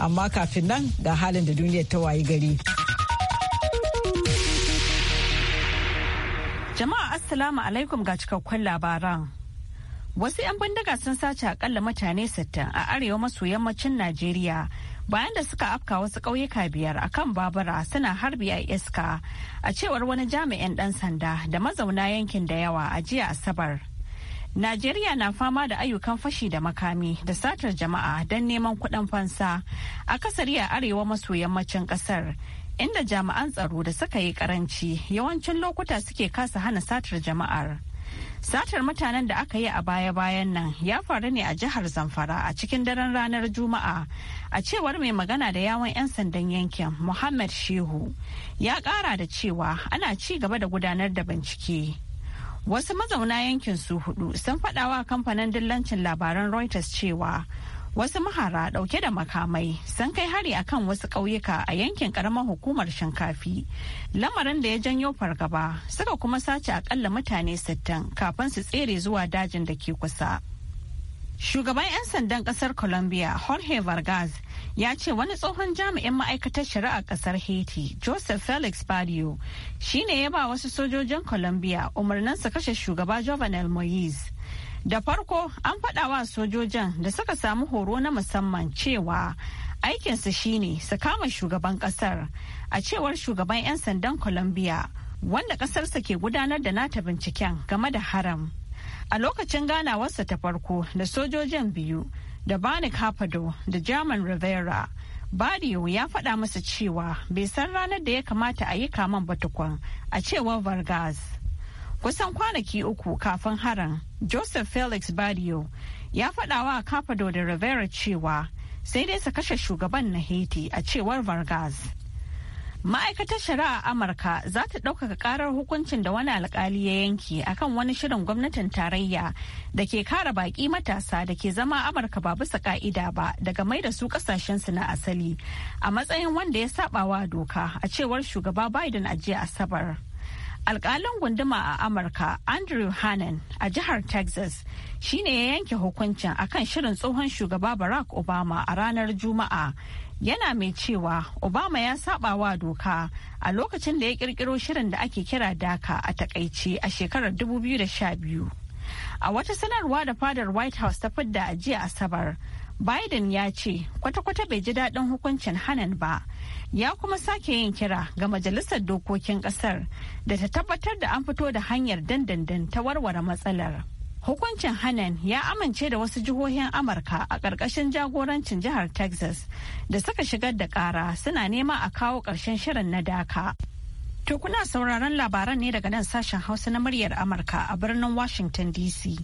amma kafin nan ga halin da duniyar ta wayi gari. Jama'a Assalamu alaikum ga cikakkun labaran. Wasu 'yan bindiga sun sace akalla mutane sittin a arewa maso yammacin Najeriya bayan da suka afka wasu ƙauyuka biyar a kan babura suna harbi a iska a cewar wani jami'in ɗan sanda da mazauna yankin da yawa a jiya Asabar. Najeriya na fama da ayyukan fashi da makami da satar jama'a don neman kuɗin fansa a kasari a arewa maso yammacin ƙasar. Inda jami'an tsaro da suka yi karanci yawancin lokuta suke kasa hana satar jama'ar. Satar mutanen da aka yi a baya-bayan nan ya faru ne a jihar Zamfara a cikin daren ranar Juma'a a cewar mai magana da yawon 'yan sandan yankin Muhammad Shehu ya ƙara da cewa ana ci gaba da gudanar da bincike. Wasu mazauna yankin su hudu sun faɗawa kamfanin dillancin labaran Reuters cewa wasu mahara ɗauke da makamai sun kai hari a kan wasu ƙauyuka a yankin ƙaramar hukumar shinkafi lamarin da ya janyo fargaba suka kuma sace akalla mutane 60 kafin su tsere zuwa dajin da ke kusa. Shugaban 'yan sandan kasar Colombia, Jorge Vargas, ya ce wani tsohon jami'in ma'aikatar shari'a kasar Haiti, Joseph Felix Barrio, shi ne ya ba wasu sojojin Colombia umarnin su kashe shugaba Jovenel Moise. Da farko, an faɗa wa sojojin da suka samu horo na musamman cewa aikinsu ne su kama shugaban kasar, a cewar shugaban 'yan sandan Colombia, wanda kasarsa ke gudanar da nata binciken game da haram. A lokacin ganawarsa ta farko da sojojin biyu da Bani Capado da German Rivera, bario ya faɗa masa cewa bai san ranar da ya kamata a yi kaman batukwan a cewar Vargas. Kusan kwanaki uku kafin haran, Joseph Felix Barrio ya faɗawa Capado da Rivera cewa sai dai su kashe shugaban na Haiti a cewar Vargas. Ma'aikatar shari'a Amurka za ta ɗaukaka ƙarar hukuncin da wani alkali ya yanke akan wani shirin gwamnatin tarayya da ke kare baƙi matasa da ke zama Amurka ba bisa ƙa'ida ba daga mai da su ƙasashensu na asali a matsayin wanda ya saɓawa doka a cewar shugaba Biden a jiya Asabar. alƙalin gunduma a amurka andrew hannan a jihar texas shine ya yanke hukuncin akan shirin tsohon shugaba barack obama a ranar juma'a yana mai cewa obama ya saba wa doka a lokacin da ya kirkiro shirin da ake kira daka a takaice a shekarar 2012 a wata sanarwa da fadar white house ta fidda a jiya asabar biden ya ce kwata-kwata bai ji daɗin hukuncin hanan ba ya kuma sake yin kira ga majalisar dokokin ƙasar da ta tabbatar da an fito da hanyar dandandan ta warware matsalar. Hukuncin Hanan ya amince da wasu jihohin Amurka a ƙarƙashin jagorancin jihar Texas da suka shigar da ƙara suna nema a kawo ƙarshen shirin na daka. To kuna sauraron labaran ne daga nan sashen Hausa na muryar Amurka a birnin Washington DC.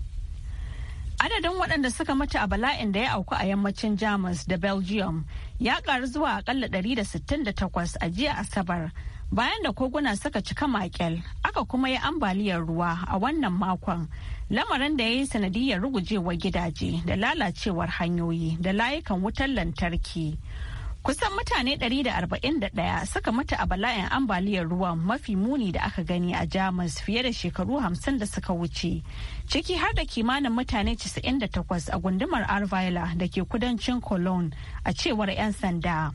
Adadin waɗanda suka mutu a bala'in da ya auku a yammacin Jamus da Belgium ya ƙaru zuwa akalla 168 a jiya Asabar bayan da koguna suka cika makel aka kuma yi ambaliyar ruwa a wannan makon lamarin da ya yi sanadiyar rugujewar gidaje da lalacewar hanyoyi da layukan wutar lantarki kusan mutane 141 suka mutu a bala'in ambaliyar ruwan mafi muni da aka gani a jamus fiye da shekaru 50 da suka wuce ciki har da kimanin mutane 98 a gundumar arvila da ke kudancin cologne a cewar 'yan sanda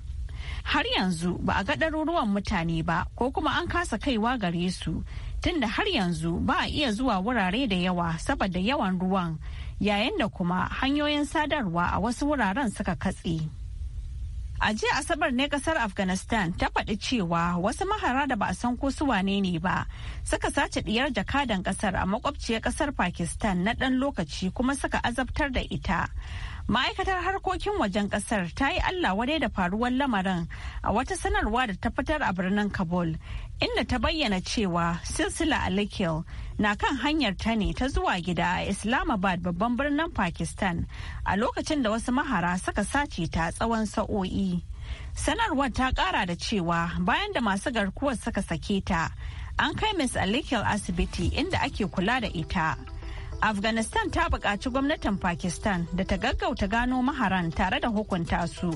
har yanzu ba a ga ɗaruruwan mutane ba ko kuma an kasa kaiwa gare su tunda har yanzu ba a iya zuwa wurare da yawa saboda yawan ruwan yayin da kuma hanyoyin sadarwa a wasu wuraren suka katse. A jiya Asabar ne kasar Afghanistan ta faɗi cewa wasu mahara da ba a san ko su wane ne ba suka sace ɗiyar jakadan kasar a makwabciyar kasar Pakistan na ɗan lokaci kuma suka azabtar da ita. ma'aikatar harkokin wajen kasar ta yi allah wadai da faruwar lamarin a wata sanarwa da ta fitar a birnin kabul inda ta bayyana cewa silsila alikil na kan hanyar ta ne ta zuwa gida a islamabad babban birnin pakistan a lokacin da wasu mahara suka sace ta tsawon sa'o'i sanarwar ta kara da cewa bayan da masu garkuwar suka sake ta an kai miss alikil asibiti inda ake kula da ita afghanistan ta bukaci gwamnatin pakistan da ta gaggauta gano maharan tare da hukunta su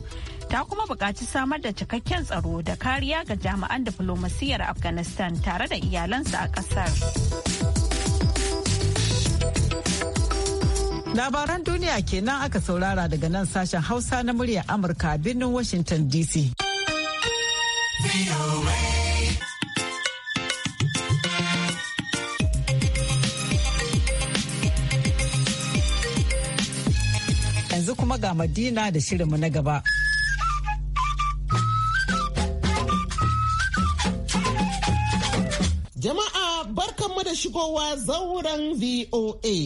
ta kuma buƙaci samar da cikakken tsaro da kariya ga jami'an diflomasiyyar afghanistan tare da iyalansu a ƙasar labaran duniya kenan aka saurara daga nan sashen hausa na muryar amurka birnin washington dc kuma ga Madina da shirinmu na gaba. Jama'a barkanmu da shigowa zauren VOA.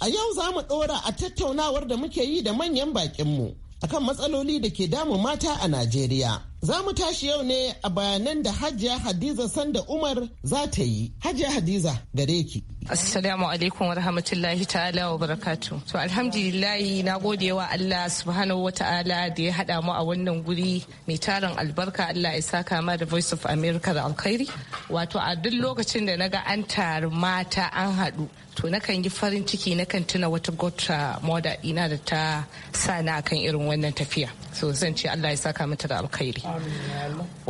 A yau za mu ɗora a tattaunawar da muke yi da manyan bakinmu akan matsaloli da ke damu mata a Najeriya. Za mu tashi yau ne a bayanan da Hajiya Hadiza Sanda Umar za ta yi. Hajiya Hadiza gare ki. Assalamu alaikum wa rahmatullahi ta'ala wa barakatu. To alhamdulillahi na gode wa Allah subhanahu wa ta'ala da ya haɗa mu a wannan guri mai tarin albarka Allah ya saka ma da Voice of America da alkhairi. Wato a duk lokacin da naga an tari mata an haɗu to nakan yi farin ciki nakan tuna wata gota moda ina da ta sa na kan irin wannan tafiya so zan ce Allah ya saka mata da alkhairi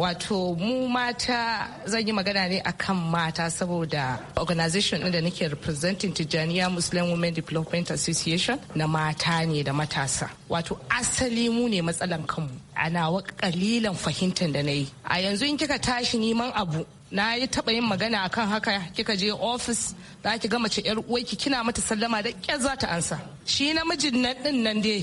wato mu mata zan yi magana ne akan mata saboda organization din da nake representing Tijaniya Muslim Women Development Association na mata ne da matasa wato asali mu ne matsalan kanmu ana wa kalilan fahimtar da na yi a yanzu in kika tashi neman abu na yi taɓa yin magana akan haka kika je ofis za ki ga mace yar uwarki kina mata sallama da kyar za ta ansa shi namijin nan din nan dai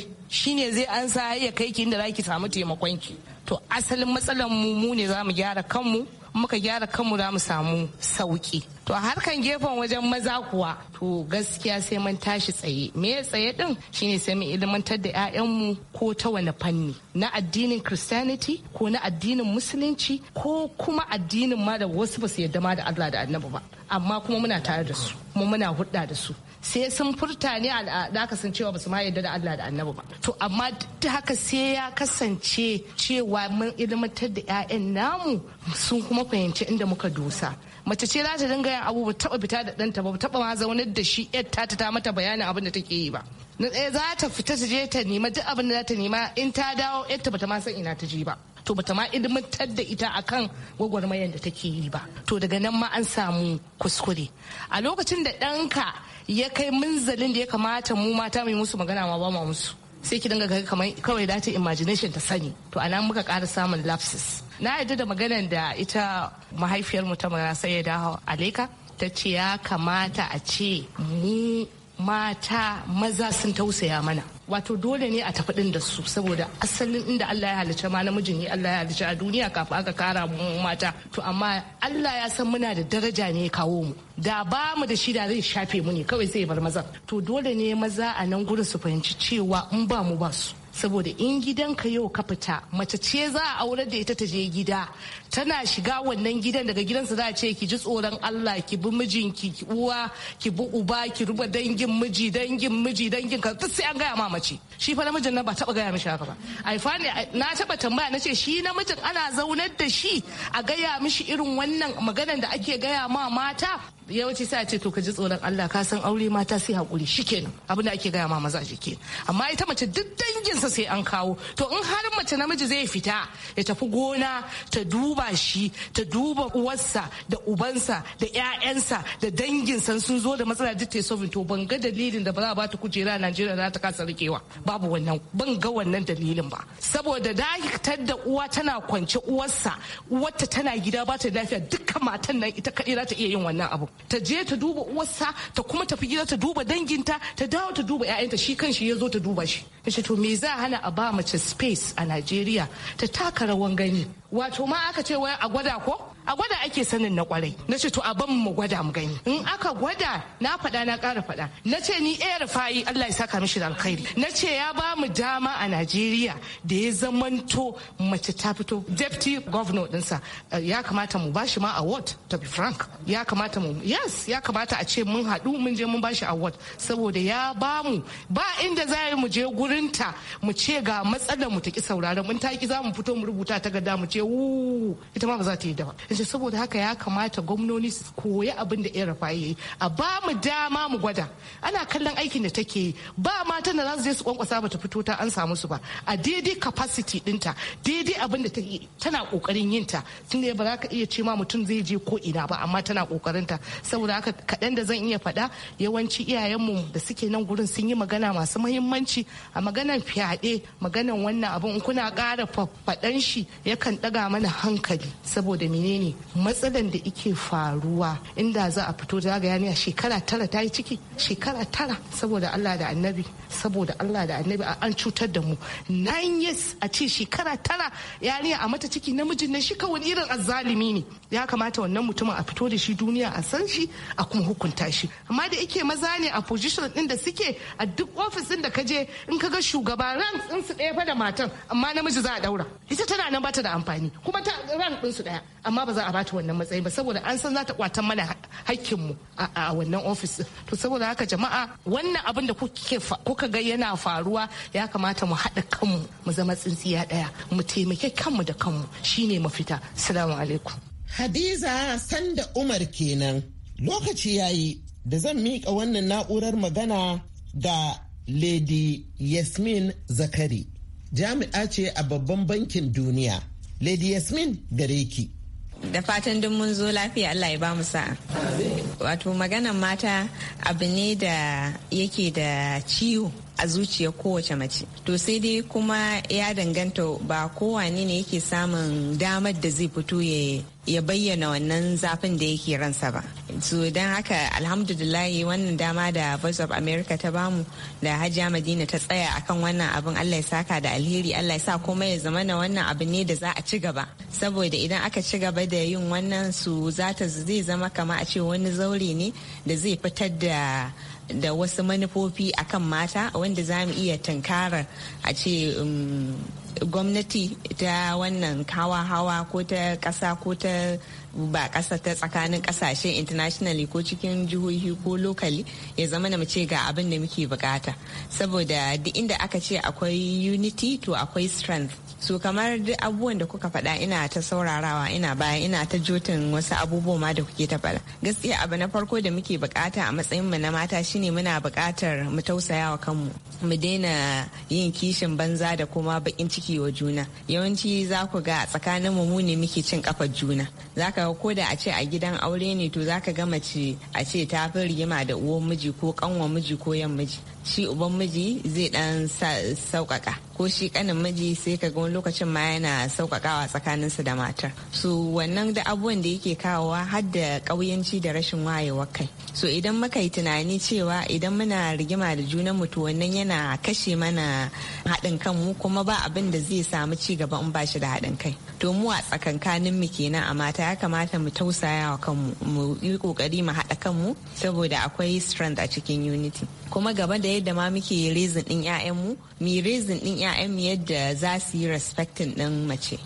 ne zai ansa ya kai ki inda za ki samu taimakon ki to asalin matsalar mu mu ne za mu gyara kanmu muka gyara kanmu za mu samu sauki to a harkan gefen wajen maza kuwa to gaskiya sai mun tashi tsaye me ya tsaye din shine sai mun ilmantar da 'ya'yanmu ko ta wani fanni na addinin christianity ko na addinin musulunci ko kuma addinin ma da wasu ba su yarda ma da allah da annabi ba amma kuma muna tare da su kuma muna hudda da su sai sun furta ne al'ada aka san cewa basu ma yarda da Allah da annabi ba to amma duk haka sai ya kasance cewa mun ilmantar da 'ya'yan namu sun kuma fahimci inda muka dusa mace ce za ta dinga yin abu ba taba fita da ɗanta ba taba ma zaunar da shi yar ta ta mata bayanin abin da take yi ba na ɗaya za ta fita ta je ta nema duk abin da za ta nema in ta dawo yar ta bata ma san ina ta je ba to bata ma ilmantar da ita akan gwagwarmayar da take yi ba to daga nan ma an samu kuskure a lokacin da ɗanka ya kai munzalin da ya kamata mu mata mai musu magana ma ba ma musu sai ki dinga kamar kawai dace imagination ta sani to anan muka ƙara samun lapses na yadda da maganar da ita mahaifiyar mu ta magana sai ya dawo aleka ta ce ya kamata a ce mu mata maza sun tausaya mana wato dole ne a tafi ɗin da su saboda asalin inda Allah ya halicce ma namijin ne Allah ya halicce a duniya kafin aka kara mu mata to amma Allah ya san muna da daraja ne kawo mu da ba mu da shi da zai shafe mu ne kawai zai bar maza to dole ne maza a nan gurin su fahimci cewa in ba mu ba su saboda in gidanka yau ka fita mace ce za a aure da ita ta je gida tana shiga wannan gidan daga gidansa za a ce ki ji tsoron Allah ki bi mijinki ki uwa ki bi uba ki ruba dangin miji dangin miji dangin ka sai an gaya ma mace shi fa namijin na ba taba gaya mishi haka ba ai fa ne na taba tambaya na ce shi namijin ana zaunar da shi a gaya mishi irin wannan maganar da ake gaya ma mata yawanci sai a ce to ka ji tsoron Allah ka san aure mata sai hakuri shikenan abin da ake gaya ma maza shike amma ita mace duk danginsa sai an kawo to in har mace namiji zai fita ya tafi gona ta duba shi ta duba uwarsa da ubansa da ƴaƴansa da danginsa sun zo da matsala duk ta to ban ga dalilin da ba za a bata kujera a Najeriya za ta kasa rikewa babu wannan ban ga wannan dalilin ba saboda dakatar da uwa tana kwance uwarsa uwarta tana gida ba ta lafiya dukkan matan nan ita kadai za ta iya yin wannan abu ta je ta duba uwarsa ta kuma tafi gida ta duba danginta ta dawo ta duba 'ya'yanta shi kanshi ya zo ta duba shi ce to me za hana a ba mace space a Najeriya ta taka rawan gani wato ma aka ce wai a gwada ko a gwada ake sanin na kwarai na ce to a ban mu gwada mu gani in aka gwada na faɗa na kara faɗa na ce ni eh rufa'i Allah ya saka mishi da alkhairi na ce ya ba mu dama a Najeriya da ya zamanto mace ta fito deputy governor dinsa eh, ya kamata mu bashi ma award to be frank ya kamata mu yes ya kamata a ce mun haɗu mun je mun bashi award saboda ya ba mu ba inda za mu je gurinta mu ce ga matsalar mu ta ki sauraron mun ta ki za mu fito mu rubuta ta ga da mu ce ita ma ba za ta yi da ba ce saboda haka ya kamata gwamnoni su koyi abin da yan rafa yi a ba mu dama mu gwada ana kallon aikin da take yi ba mata da za su je su kwankwasa ba ta fito ta an samu su ba a daidai capacity dinta daidai abin da tana kokarin yin ta tun da ba za ka iya ce ma mutum zai je ko ina ba amma tana kokarin ta saboda haka kaɗan da zan iya faɗa yawanci iyayenmu da suke nan gurin sun yi magana masu muhimmanci a maganar fyaɗe maganan wannan abin kuna kara faɗan shi yakan ɗaga mana hankali saboda menene ne matsalan da ike faruwa inda za a fito da ga yani a shekara tara ta yi ciki shekara tara saboda Allah da annabi saboda Allah da annabi an cutar da mu nine years a ce shekara tara yariya a mata ciki namijin na shi kawai irin azalimi ne ya kamata wannan mutumin a fito da shi duniya a san shi a kuma hukunta shi amma da ike maza ne a position din da suke a duk ofis din da ka je in ka ga shugaba ran din su ɗaya fa da matan amma namiji za a daura ita tana nan bata da amfani kuma ta ran din su ɗaya amma ba za a bata wannan matsayi ba saboda an san za ta kwata mana hakkinmu a wannan ofis to saboda haka jama'a wannan abin da kuka ga yana faruwa ya kamata mu haɗa kanmu mu zama tsintsiya ɗaya mu taimake kanmu da kanmu shine mafita salamu alaikum hadiza sanda umar kenan lokaci yayi da zan miƙa wannan na'urar magana ga lady yasmin zakari jami'a ce a babban bankin duniya lady yasmin gare ki da fatan duk mun zo lafiya Allah ya ba mu sa'a. Wato maganan mata abu ne da yake da ciwo a zuciya kowace mace. To sai dai kuma ya danganta ba kowane ne yake samun damar da zai fito ya ya bayyana wannan zafin da yake ransa ba su don haka alhamdulillahi wannan dama da voice of america ta bamu da hajiya madina ta tsaya akan wannan abin allah ya saka da alheri allah ya sa komai ya zama na wannan abin ne da za a ci gaba saboda idan aka ci gaba da yin wannan su zata zai zama kama a ce wani zaure ne da zai fitar da da wasu manufofi akan mata wanda za mu iya tunkarar a ce um, gwamnati ta wannan hawa-hawa ko ta ƙasa ko ta ba kasa ta tsakanin ƙasashe internationally ko cikin jihohi ko locally ya zama na mace ga abin da muke bukata saboda duk inda aka ce akwai unity to akwai strength so kamar duk abubuwan da kuka faɗa ina ta saurarawa ina baya ina ta jotin wasu abubuwa ma da kuke ta faɗa gaskiya abu na farko da muke bukata a matsayin mu na mata shine muna bukatar mu tausaya wa kanmu mu daina yin kishin banza da kuma bakin ciki wa juna yawanci za ku ga tsakanin mu ne muke cin kafar juna zaka ko da a ce a gidan aure ne to zaka ga mace a ce ta fi rigima da uwan miji ko kanwa miji ko yan miji shi uban miji zai dan sauƙaƙa ko shi kanin miji sai ka ga wani lokacin ma yana sauƙaƙawa tsakaninsu da matar su wannan da abubuwan da yake kawowa har da ƙauyanci da rashin wayewar kai so idan muka yi tunani cewa idan muna rigima da junan mu to wannan yana kashe mana haɗin kan kuma ba abin da zai samu ci gaba in ba shi da haɗin kai to mu a tsakankanin mu kenan a mata ya kamata mu tausaya wa kanmu mu yi kokari mu haɗa kanmu saboda akwai strength a cikin unity kuma gaba da yadda ma muke rezin din yayan mu rezin din mu yadda za su yi respectin din mace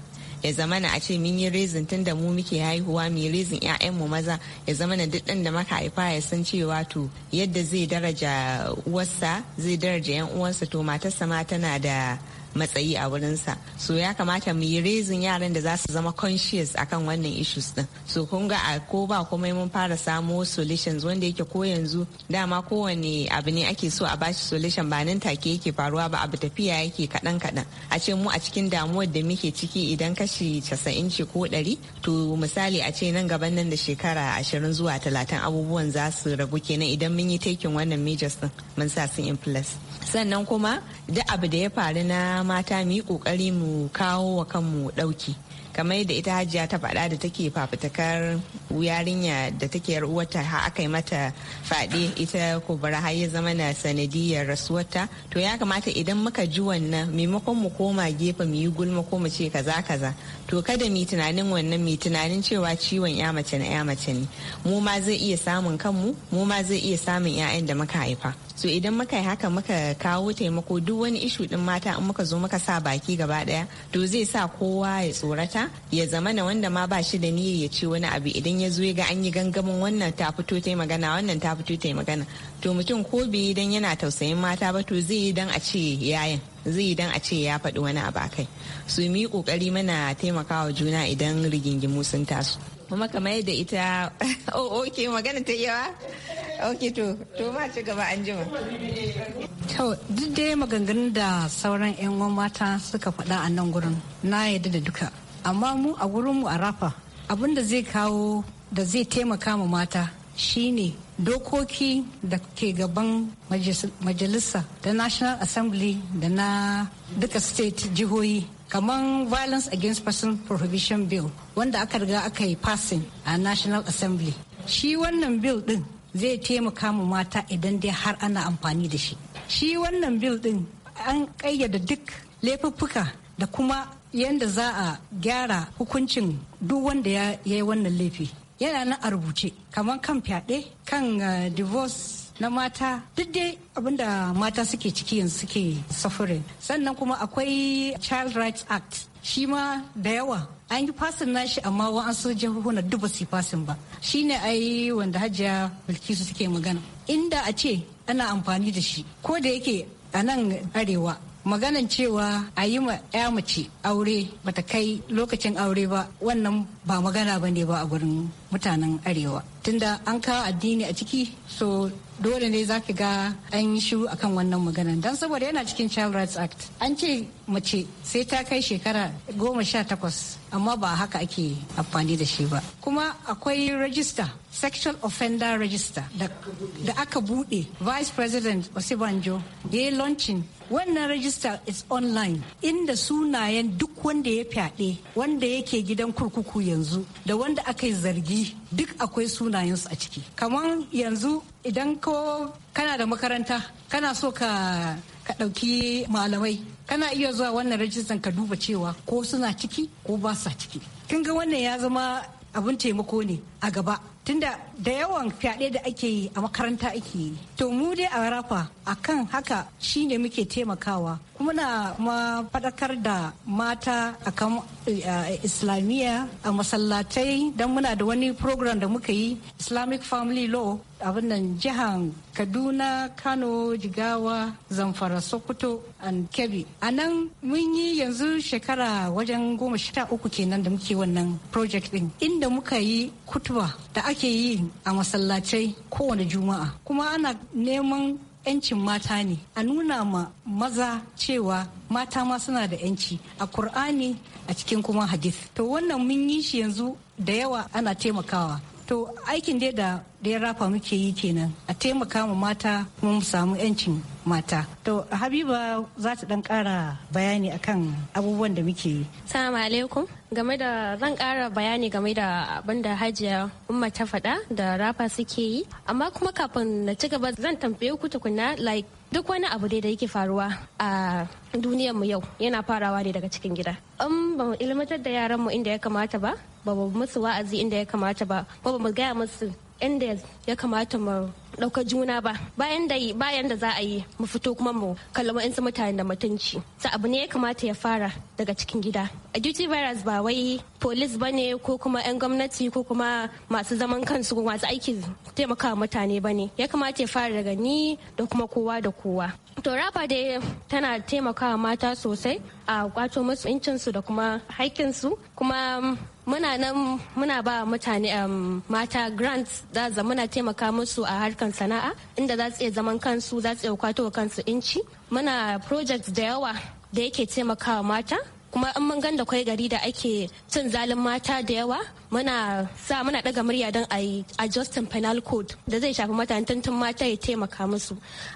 ya zamana a ce mun yi rezin tun da mu muke haihuwa mi rezin mu maza ya zamana duk ɗan da maka haifa ya san cewa to yadda zai daraja uwarsa zai daraja 'yan uwansa to matarsa ma tana da matsayi a wurin sa so ya kamata mu yi raising yaran da za su zama conscious akan wannan issues din so kun ga a ko ba komai mun fara samo solutions wanda yake ko yanzu dama kowane abu ne ake so a bashi solution ba nan take yake faruwa ba abu tafiya yake kaɗan kaɗan a ce mu a cikin damuwar da muke ciki idan kashi casa'in ce ko ɗari to misali a ce nan gaban nan da shekara ashirin zuwa talatin abubuwan za su ragu kenan idan mun yi taking wannan majors din mun sa sun in place sannan kuma duk abu da ya faru na mata mu yi kokari mu kawo wa kanmu dauki kamar yadda ita hajiya ta faɗa da take fafutukar yarinya da take uwarta har aka yi mata fyaɗe ita kubura har ya zama na sanadiyar rasuwarta to ya kamata idan muka ji wannan maimakon mu koma gefe mu yi gulma ko mu ce kaza kaza to kada mu tunanin wannan mai tunanin cewa ciwon ya mace na ya mace ne mu ma zai iya samun kanmu mu ma zai iya samun 'ya'yan da muka haifa so idan muka yi haka muka kawo taimako duk wani ishu din mata in muka zo muka sa baki gaba daya to zai sa kowa ya tsorata ya zama na wanda ma ba shi da niyyar ya ci wani abu idan ya zo ya ga an yi gangamin wannan ta fito ta magana wannan ta fito ta magana to mutum ko bai idan yana tausayin mata ba to zai yi dan a ce yayin zai idan a ce ya faɗi wani abu bakai su yi kokari mana taimakawa juna idan rigingimu sun taso kuma kamar yadda ita oh okay oh, magana ta yawa ok to to ma ci gaba an jima to duk dai maganganun da sauran yan uwan mata suka faɗa a nan gurin na yadda da duka amma mu a gurin mu a rafa abin da zai kawo da zai taimaka ma mata shine dokoki da ke gaban majalisa da national assembly da na duka state jihohi kamar violence against person prohibition bill wanda aka riga aka yi passing a national assembly shi wannan bill din zai taimaka mu mata idan dai har ana amfani da shi shi wannan bill din an kayyada duk laifuffuka da kuma yadda za a gyara hukuncin duk wanda ya yi wannan laifi yana nan a rubuce kamar kan fyaɗe kan uh, divorce na mata duk dai abinda mata suke ciki yanzu suke suffering sannan kuma akwai child rights act shi ma da yawa an yi fasin nashi amma wa'ansu jihohunan duk duba su yi fasin ba shi a yi wanda hajiya bilkisu suke magana inda a ce ana amfani da shi ko da yake a nan arewa maganan cewa a yi ma 'ya mace aure bata kai lokacin aure ba wannan ba magana ba ne ba a gurin mutanen arewa tunda an kawo addini a ciki so dole ne za ki ga an yi shiru akan wannan maganan don saboda yana cikin child rights act an ce mace sai ta kai shekara goma sha takwas amma ba haka ake amfani da shi ba kuma akwai register sexual offender register da aka bude vice president osibanjo ya yi launching wannan register is online inda sunayen duk wanda ya fyaɗe wanda yake gidan kurkuku yanzu da wanda aka yi zargi duk akwai sunayensu a ciki kamar yanzu idan ko kana da makaranta kana so ka ka ɗauki malamai kana iya zuwa wannan rajistan ka duba cewa ko suna ciki ko ba sa ciki kin ga wannan ya zama abin taimako ne a gaba tunda da yawan fyaɗe da ake yi a makaranta ake yi to mu dai a rafa akan haka shine muke taimakawa muna ma faɗakar da mata akan islamiyya a masallatai don muna da wani program da muka yi islamic family law abin nan jihar kaduna kano jigawa zamfara sokoto and kebbi a nan mun yi yanzu shekara wajen goma sha uku kenan da muke wannan project din inda muka yi kutuba da ake yi a masallacai kowane juma'a kuma ana neman 'yancin mata ne a nuna ma maza cewa mata ma suna da 'yanci a kur'ani a cikin kuma hadith to wannan mun yi shi yanzu da yawa ana taimakawa to aikin dai da da rafa muke yi kenan a taimaka mu mata kuma mu samu yancin mata to habiba za ta dan kara bayani akan abubuwan da muke yi salamu alaikum game da zan kara bayani game da abin da hajiya umma ta faɗa da rafa suke yi amma kuma kafin na ci gaba zan tambaye ku tukuna like duk wani abu dai da yake faruwa a duniyar mu yau yana farawa ne daga cikin gida in ba mu ilmantar da yaran mu inda ya kamata ba ba mu musu wa'azi inda ya kamata ba ba mu gaya musu inda ya kamata mu ɗauka juna ba bayan da bayan da za a yi mu fito kuma mu kalli wa'insu mutane da mutunci sa abu ne ya kamata ya fara daga cikin gida a duty virus ba wai police ba ne ko kuma 'yan gwamnati ko kuma masu zaman kansu ko masu aiki taimakawa mutane ba ne ya kamata ya fara daga ni da kuma kowa da kowa to rafa dai tana taimakawa mata sosai a kwato musu incinsu da kuma haƙƙinsu kuma muna nan muna ba mutane um, mata grants da muna taimaka musu a harkar sana'a inda za su iya zaman kansu za su iya kwato kansu inci muna project da yawa da yake taimakawa mata kuma an mun ganda kwai gari da ake cin zalin mata da yawa muna sa muna daga murya don a yi adjustin penal code da zai shafi tuntun mata ya taimaka musu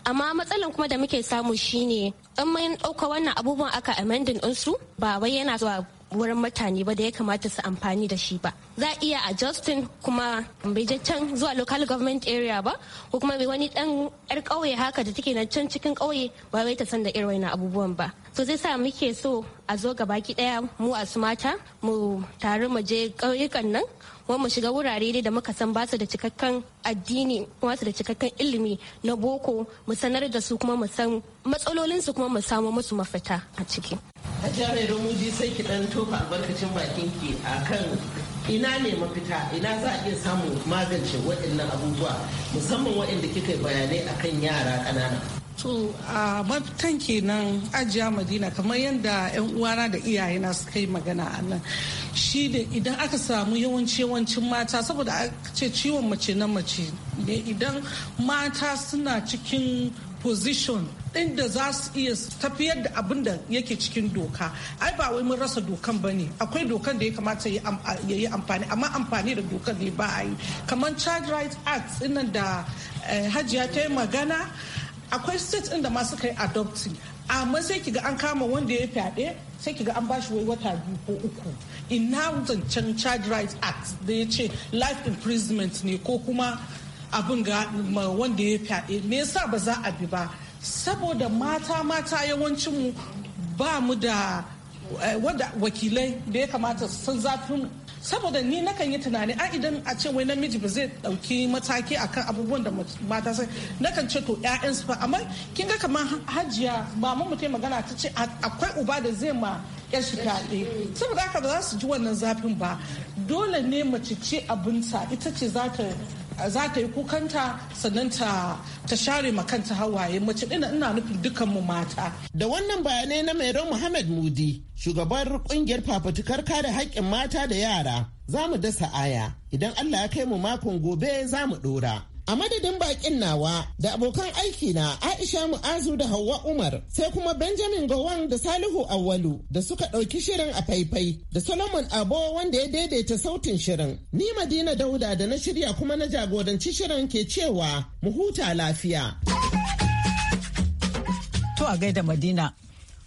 amma matsalan kuma da muke samu shine in mun dauka wannan abubuwan aka amendin su ba wai yana zuwa wurin mutane ba da ya kamata su amfani da shi ba za a iya justin kuma bai je can zuwa local government area ba ko kuma bai wani dan yar kauye haka da take na can cikin kauye ba wai ta san da irin na abubuwan ba to zai sa muke so a zo ga baki daya mu a sumata mu taru mu je kauyukan nan kuma mu shiga wurare da muka san ba su da cikakken addini kuma su da cikakken ilimi na boko mu sanar da su kuma mu san matsalolinsu kuma mu samo musu mafita a ciki a jami'ar muji sai ki dan tofa albarkacin bakin ki akan ina ne mafita ina za a iya samun magance waɗannan abubuwa musamman waɗanda kika bayanai akan yara ƙanana to a mafitan kenan ajiya madina kamar yadda 'yan uwana da iyayena suka yi magana a nan shi da idan aka samu yawanci yawancin mata saboda a ce ciwon mace na mace ne idan mata suna cikin position ɗin da za su iya tafiyar da abin da yake cikin doka ai ba wai mun rasa dokan ba ne akwai dokan da ya kamata ya yi amfani amma amfani da dokan ne ba a yi kamar child rights act nan da eh, hajiya ta yi magana akwai state inda da ma suka yi adopting amma sai kiga an kama wanda ya fyaɗe sai kiga an bashi wai wata biyu ko uku ina zancen child rights act da ya ce life imprisonment ne ko kuma abin ga wanda ya fyaɗe me yasa ba za a bi ba saboda mata mata yawancinmu ba mu da eh, wanda wakilai da ya kamata sun zafin saboda ni nakan yi tunani a idan a ce wai namiji ba zai dauki mataki akan abubuwan da mata sai nakan ce to ƴaƴansu ba amma kin ga kamar hajiya ba mu magana ta ce akwai uba da zai ma shi fyaɗe saboda haka ba za su ji wannan zafin ba dole ne mace ce abinta ita ce za ta za ta yi kukanta sannan ta ta share makanta hawaye mace ɗina ina nufin dukan mata. Da wannan bayanai na Mairo Muhammad Mudi, shugabar kungiyar fafutukar kare haƙƙin mata da yara, za mu dasa aya. Idan Allah ya kai mu makon gobe za mu ɗora. A madadin bakin nawa da abokan aiki na Aisha Mu'azu da Hauwa Umar sai kuma Benjamin Gowon da Salihu Awalu da suka ɗauki shirin a faifai da Solomon Abo wanda ya daidaita sautin shirin. Ni Madina Dauda da na shirya kuma na jagoranci shirin ke cewa mu huta lafiya. To a gaida Madina.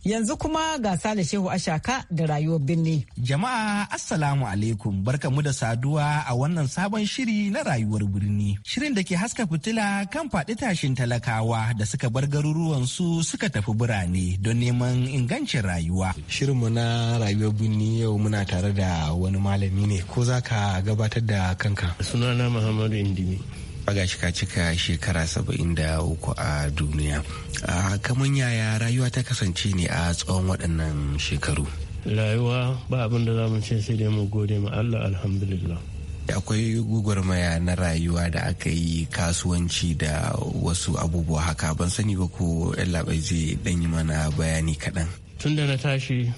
Yanzu kuma ga Sale Shehu Ashaka da rayuwar birni. Jama'a Assalamu alaikum barkamu da saduwa a wannan sabon shiri na rayuwar birni. Shirin da ke haska fitila kan faɗi tashin talakawa da suka bar garuruwan su suka tafi birane don neman ingancin rayuwa. Shirinmu na rayuwar birni yau muna tare da wani malami ne ko za ka gabatar da kanka. Sunana Muhammadu Indimi. gashi ka cika shekara saba'in da uku a duniya A kamar yaya rayuwa ta kasance ne a tsawon waɗannan shekaru rayuwa ba abin da zamu mu ce sai dai mu gode ma allah alhamdulillah akwai maya na rayuwa da aka yi kasuwanci da wasu abubuwa haka ban sani ba ko labai zai dan yi mana bayani kaɗan tun da na tashi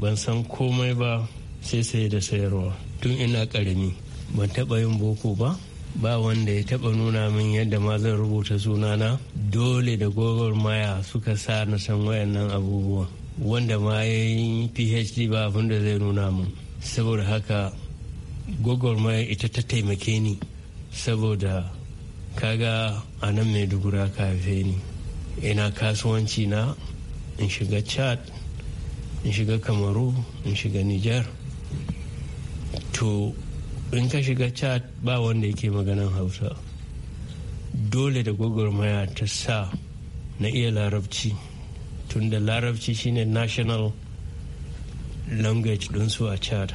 ban san komai ba sai sai da sayarwa tun ina ƙarami ban taɓa yin boko ba ba wanda ya taba nuna min yadda ma zan rubuta sunana dole da gogor maya suka sa na san wayannan abubuwa wanda ma ya yi phd ba abin da zai nuna min saboda haka gogor maya ita ta taimake ni saboda kaga a nan maiduguri aka haife ni ina kasuwanci na in shiga chad in shiga kamaru in shiga niger to in ka shiga chat ba wanda yake maganan hausa dole da gwagwarmaya ta sa na iya larabci tunda larabci shine national language su a chad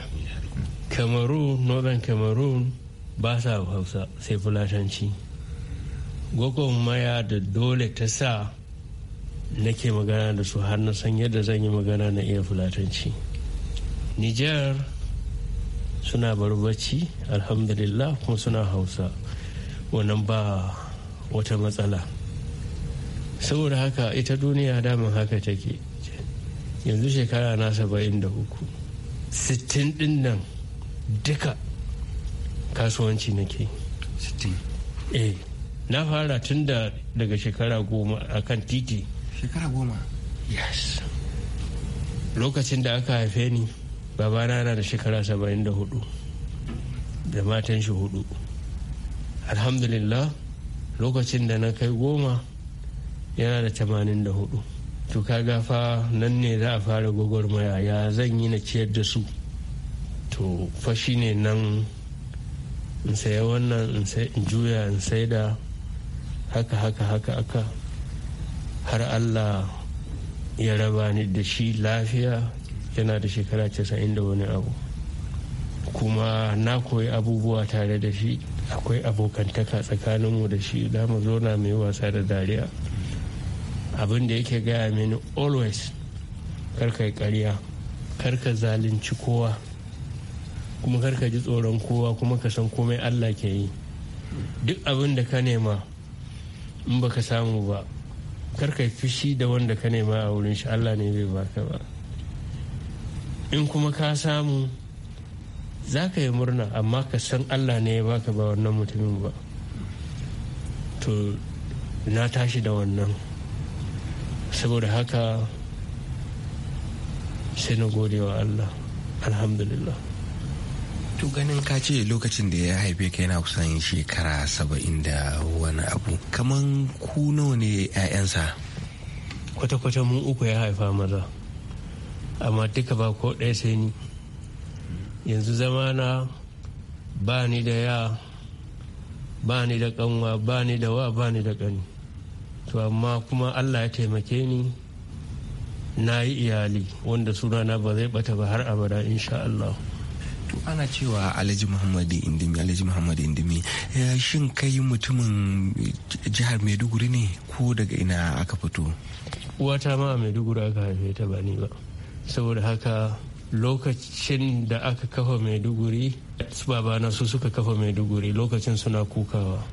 cameroon northern cameroon ba sa hausa sai fulatanci gwagwarmaya da dole ta sa nake magana da su har na san yadda zan yi magana na iya fulatanci niger suna barbaci alhamdulillah kuma suna hausa wannan ba wata matsala saboda haka ita duniya damin haka take yanzu shekara na saba'in da uku sittin din nan duka kasuwanci nake sittin eh na fara tun da daga shekara goma a kan titi shekara goma yes lokacin da aka haife ni babana yana da shekara 74 da matan shi hudu alhamdulillah lokacin da na kai goma yana da 84 to kaga fa nan ne za a fara gwagwarmaya ya zan yi na ciyar da su to fashi ne nan in saya wannan in juya in sai da haka haka haka haka har allah ya raba ni da shi lafiya yana da shekara casa'in da wani abu kuma na koyi abubuwa tare da shi akwai abokantaka tsakaninmu da shi da mu zauna mai wasa da dariya abin da yake gaya mini always karka yi karya karka zalunci kowa kuma karka ji tsoron kowa kuma ka san komai allah ke yi duk abin da ka nema in baka samu ba karka fushi da wanda ka nema a wurin shi allah ne bai baka ba in kuma ka samu za ka yi murna amma ka san allah ne ya baka ba wannan mutumin ba to na tashi da wannan saboda haka sai na gode wa allah alhamdulillah to ganin ka ce lokacin da ya haife ka yana kusan shekara saba'in da wani abu kaman ku nawa ne 'ya'yansa kwata-kwata mun uku ya haifa maza amma duka ba ko ɗaya sai ni yanzu zamana ba ni da ya ba ni da kanwa ba ni da wa ba ni da kani to amma kuma allah ya taimake ni na yi iyali wanda sunana ba zai bata ba har abada insha allah to ana cewa alhaji muhammadu indimi alhaji muhammadu indimi eh, shin kai mutumin jihar maiduguri ne ko daga ina aka fito uwata ma a maiduguri aka haife ta ba ni ba saboda haka lokacin da aka kafa maiduguri babana su suka kafa maiduguri lokacin suna kukawa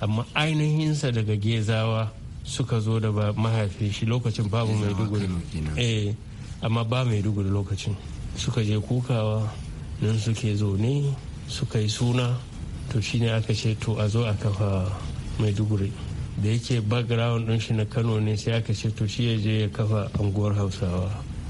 amma ainihinsa daga gezawa suka zo da mahaifi shi lokacin babu maiduguri eh amma ba maiduguri lokacin suka je kukawa nan suke zaune suka yi suna to shine aka ce to a zo a kafa maiduguri da yake background din shi na kano ne sai aka ce to shi ya je ya kafa anguwar hausawa